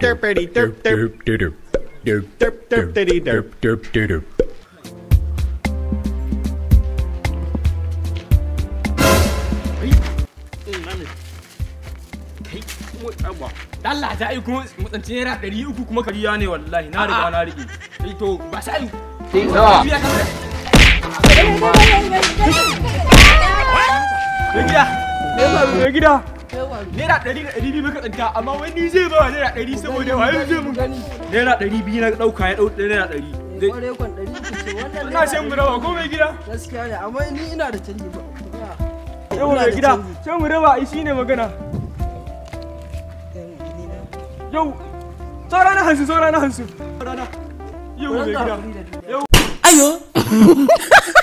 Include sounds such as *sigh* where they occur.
derpity derp derp derp derp derp yi kuma mutsance naira ɗari uku kuma kariya ne wallahi na riga na riƙe. Sai to ba sa yi. Nawa. Mai gida. Mai gida. naira ɗari da ɗari biyu muka tsinta amma wani zai ba naira ɗari saboda wayo zai mu naira ɗari biyu na ɗauka ya ɗauka naira ɗari kwan ɗari wannan ina shan murawa ko mai gida gaskiya ne amma ni ina da canji ba mai gida shan murawa ai shine magana yau saura na hansu na hansu yau mai gida ayo *laughs*